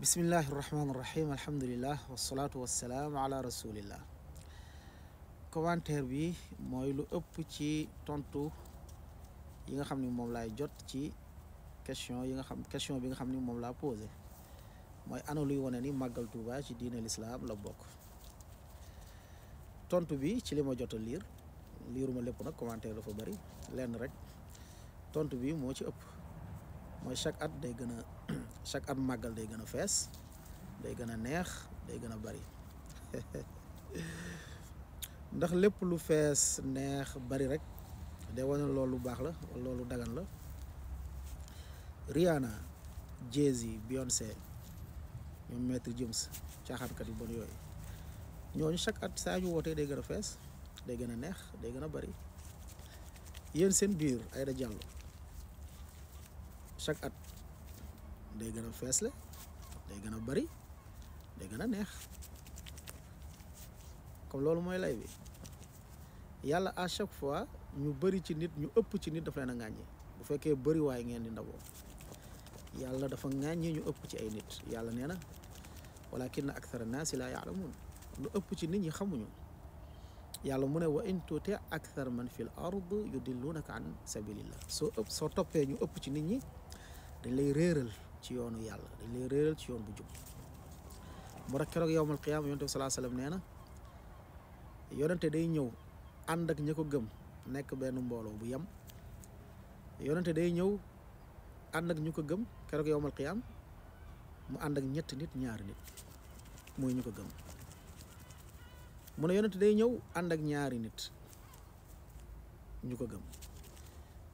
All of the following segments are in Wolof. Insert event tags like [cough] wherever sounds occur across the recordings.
bismillahi irrahmani irrahim alhamdulilah wasalaatu wasalaam ala rasulillah commentaire bi mooy lu ëpp ci tontu yi nga xam ni moom laay jot ci question yi nga xam question bi nga xam ni moom laa posé mooy ana luy wane ni màggal Tuuba ci diine lislaam la bokk tontu bi ci li ma jot a liir liiruma lépp nag commentaire dafa bari lenn rek tontu bi moo ci ëpp mooy chaque at day gën a chaque at magal day gëna a day gëna a neex day gëna bari [laughs] ndax lepp lu fess neex bari rek day wone loolu bax la loolu dagan la Rihanna Jay-Z Beyoncé ñoom Maître Gims kat yu bon yoy ñoo chaque at sañu wote day gëna a day gëna neex day gëna bari yeen seen biir da jallo chaque at day gëna fess la day gëna bari day gëna neex comme loolu moy lay bi yalla à chaque fois ñu bari ci nit ñu ëpp ci nit daf leena a bu fekkee bari way ngeen di ndabo yalla dafa ŋàññi ñu ëpp ci ay nit yalla nee walakin akthara naasi la ya'lamun lu ëpp ci nit ñi xamuñu yalla mu wa in tuti akthar man fil ard yudillunaka an sabilillah so so topé ñu ëpp ci nit ñi dañ lay réeral ci yoonu yàlla dañ réeral ci yoon bu jub mu rek keroog yow qiyaama yonent bi salaa nee na yonente day ñëw ànd ak ña nekk benn mbooloo bu yem yonente day ñëw ànd ñu ko gëm keroog yow yowmal qiyaam mu ànd ak ñetti nit ñaari nit mooy ñu ko gëm mu ne yonente day ñëw ànd ak ñaari nit ñu ko gëm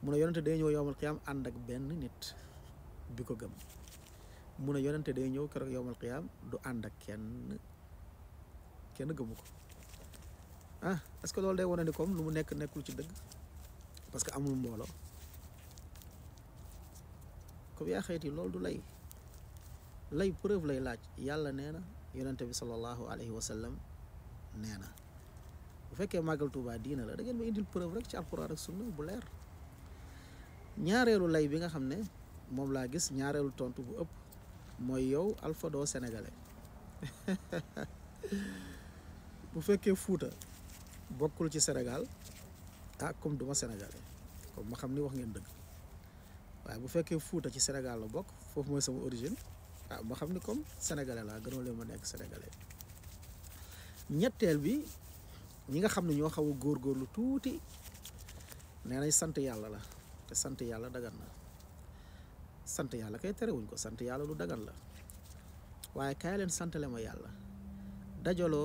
mu ne yonente day ñëw yow yowmal qiyaam ànd ak benn nit bi ko gëm mun a yonente day ñëw keroog yowmal qiyaam du ànd ak kenn kenn gëmu ko ah est-ce que loolu day wane ni comme lu mu nekk nekkul ci dëgg parce que amul mbooloo comme yaa xayti loolu du lay lay preuve lay laaj yàlla nee na yonente bi sallallahu alayhi wa sallam nee na bu fekkee màggal Tuubaa diina la da ngeen ma indil preuve rek ci alquran ak sunna bu leer ñaareelu lay bi nga xam ne moom laa gis ñaareelu tontu bu ëpp mooy yow Alpha doo [laughs] bu fekkee Fuuta bokkul ci Sénégal ah comme duma sénégalais comme ma xam ni wax ngeen dëgg waaye bu fekkee Fuuta ci Sénégal la bokk foofu mooy sama origine ah ma xam ni comme sénégalais laa gënoo leen ma nekk sénégalais ñetteel bi ñi nga xam ne ñoo xaw a góorgóorlu tuuti nee nañ sant yàlla la te sant yàlla dagan na sante yalla kay wuñ ko sante yalla lu dagan la waaye kaay leen le ma yalla dajolo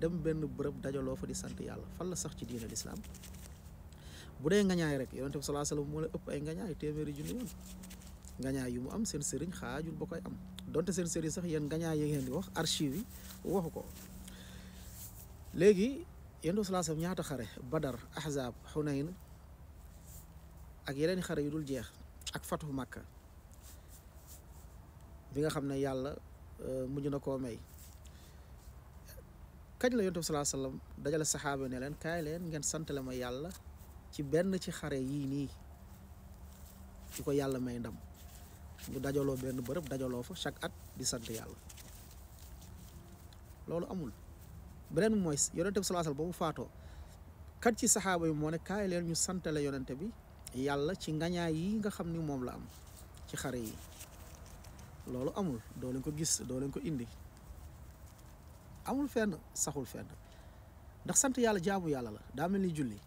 dem benn bërëb dajolo fa di sante yalla fal la sax ci diina l'islam bu dee ngañaay rek yaronte bi alayhi wasallam mo la upp ay ngañaay téméré ngañaay yu mu am seen sëriñ xaajul am donte seen sëriñ sax yeen ngañaay yi ngeen di wax archive yi waxu ko léegi yonente bi xare badar ahzab hunain ak yeneen xare yu dul jeex ak fatu makkah bi nga xam ne yàlla euh, mujj na koo may kañ la yonent bi salaa sallam dajale saxaaba ne leen kaay leen ngeen santale ma yàlla ci benn ci xare yii nii ci ko yàlla may ndam ñu dajaloo benn bërëb dajaloo fa chaque at di sant yàlla loolu amul beneen mooy yonente bi salaa sallam ba mu faatoo kat ci saxaaba yi moo ne kaay leen ñu la yonente bi yàlla ci ngañaay yi nga xam ni moom la am ci xare yi loolu amul doo leen ko gis doo leen ko indi amul fenn saxul fenn ndax sant yàlla jaamu yàlla la daa mel ni julli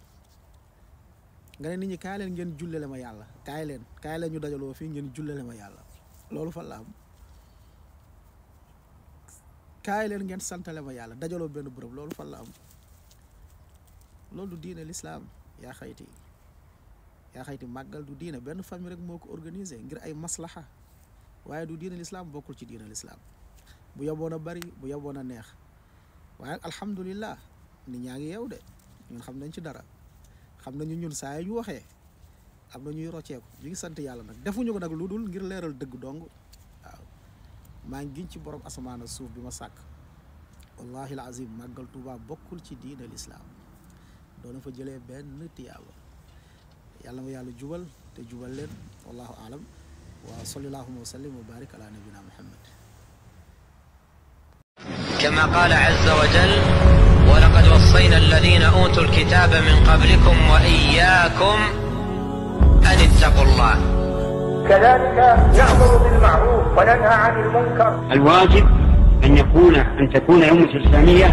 nga ne nit ñi kaay leen ngeen jullele ma yàlla kaay leen kaay leen ñu dajaloo fii ngeen jullele ma yàlla loolu fa la am kaay leen ngeen santale ma yàlla dajaloo benn bërëb loolu fa la am loolu du diine lislaam yaa xayti yaa xayti màggal du diine benn famille rek moo ko ngir ay maslaxa waye du diine l'islam bokul ci diine l'islam bu yoboon ya bari bu ya buana neex waye alhamdullilah alhamdulillah nit ñaa udah. de ñun xam nañ ci dara xam nañu ñun saay ñu waxe am na ñuy rocceeku ñu ngi sant yàlla nag defuñu ko nak lu ngir leral deug dong waaw ngi ci borom asmana suuf bima sak wallahi alazim azim tuba bokul ci diine do na fa jele ben tiyaba yalla mo yalla jubal te jubal len wallahu alam وصلى اللهم وسلم وبارك على نبينا محمد كما قال عز وجل ولقد وصينا الذين أوتوا الكتاب من قبلكم وإياكم أن اتقوا الله كذلك نأمر بالمعروف وننهى عن المنكر الواجب أن يكون أن تكون أمة الإسلامية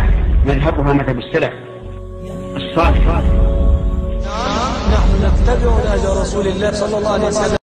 مذهبها مذهب السلف الصالح نحن نتبع نهج رسول الله صلى الله عليه وسلم